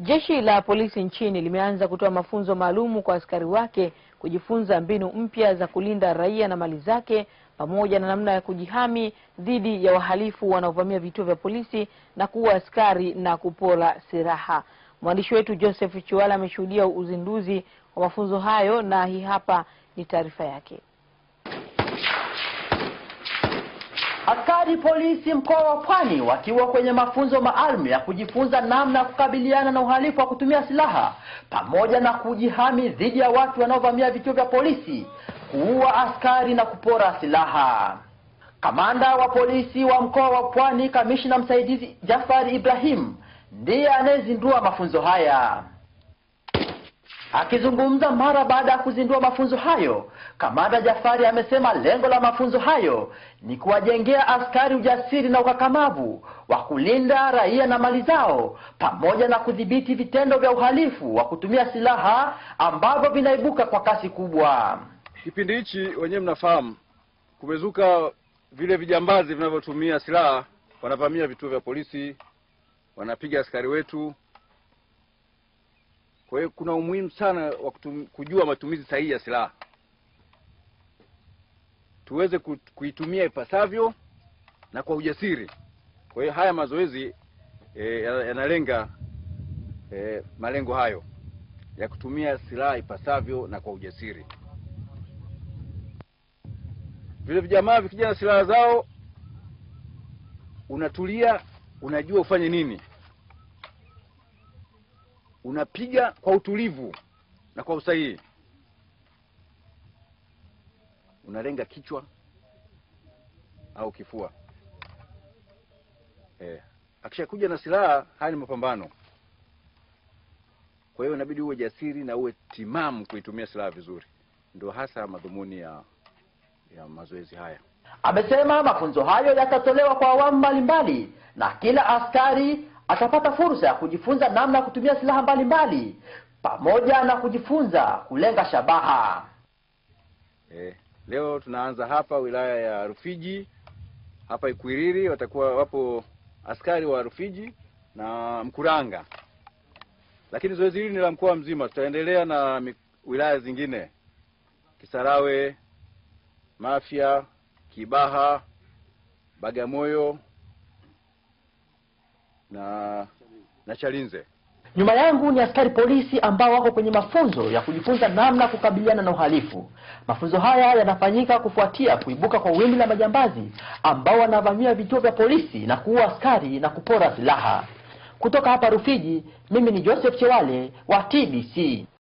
Jeshi la polisi nchini limeanza kutoa mafunzo maalum kwa askari wake kujifunza mbinu mpya za kulinda raia na mali zake pamoja na namna ya kujihami dhidi ya wahalifu wanaovamia vituo vya polisi na kuua askari na kupora silaha. Mwandishi wetu Joseph Chiwala ameshuhudia uzinduzi wa mafunzo hayo na hii hapa ni taarifa yake. Askari polisi mkoa wa Pwani wakiwa kwenye mafunzo maalum ya kujifunza namna ya kukabiliana na uhalifu wa kutumia silaha pamoja na kujihami dhidi ya watu wanaovamia vituo vya polisi, kuua askari na kupora silaha. Kamanda wa polisi wa mkoa wa Pwani, kamishna msaidizi Jafari Ibrahim ndiye anayezindua mafunzo haya. Akizungumza mara baada ya kuzindua mafunzo hayo, Kamanda Jafari amesema lengo la mafunzo hayo ni kuwajengea askari ujasiri na ukakamavu wa kulinda raia na mali zao pamoja na kudhibiti vitendo vya uhalifu wa kutumia silaha ambavyo vinaibuka kwa kasi kubwa. Kipindi hichi wenyewe mnafahamu, kumezuka vile vijambazi vinavyotumia silaha, wanavamia vituo vya polisi, wanapiga askari wetu. Kwa hiyo kuna umuhimu sana wa kujua matumizi sahihi ya silaha, tuweze kuitumia ipasavyo na kwa ujasiri. Kwa hiyo haya mazoezi e, yanalenga e, malengo hayo ya kutumia silaha ipasavyo na kwa ujasiri. Vile vijamaa vikija na silaha zao, unatulia, unajua ufanye nini unapiga kwa utulivu na kwa usahihi, unalenga kichwa au kifua eh. Akishakuja na silaha, haya ni mapambano. Kwa hiyo inabidi uwe jasiri na uwe timamu kuitumia silaha vizuri, ndio hasa madhumuni ya ya mazoezi haya. Amesema mafunzo hayo yatatolewa kwa awamu mbalimbali na kila askari atapata fursa ya kujifunza namna ya kutumia silaha mbalimbali pamoja na kujifunza kulenga shabaha. Eh, leo tunaanza hapa wilaya ya Rufiji, hapa Ikwiriri watakuwa wapo askari wa Rufiji na Mkuranga, lakini zoezi hili ni la mkoa mzima. Tutaendelea na wilaya zingine, Kisarawe, Mafia, Kibaha, Bagamoyo na na Chalinze. Nyuma yangu ni askari polisi ambao wako kwenye mafunzo ya kujifunza namna kukabiliana na uhalifu. Mafunzo haya yanafanyika kufuatia kuibuka kwa wimbi la majambazi ambao wanavamia vituo vya polisi na kuua askari na kupora silaha. Kutoka hapa Rufiji, mimi ni Joseph Chewale wa TBC.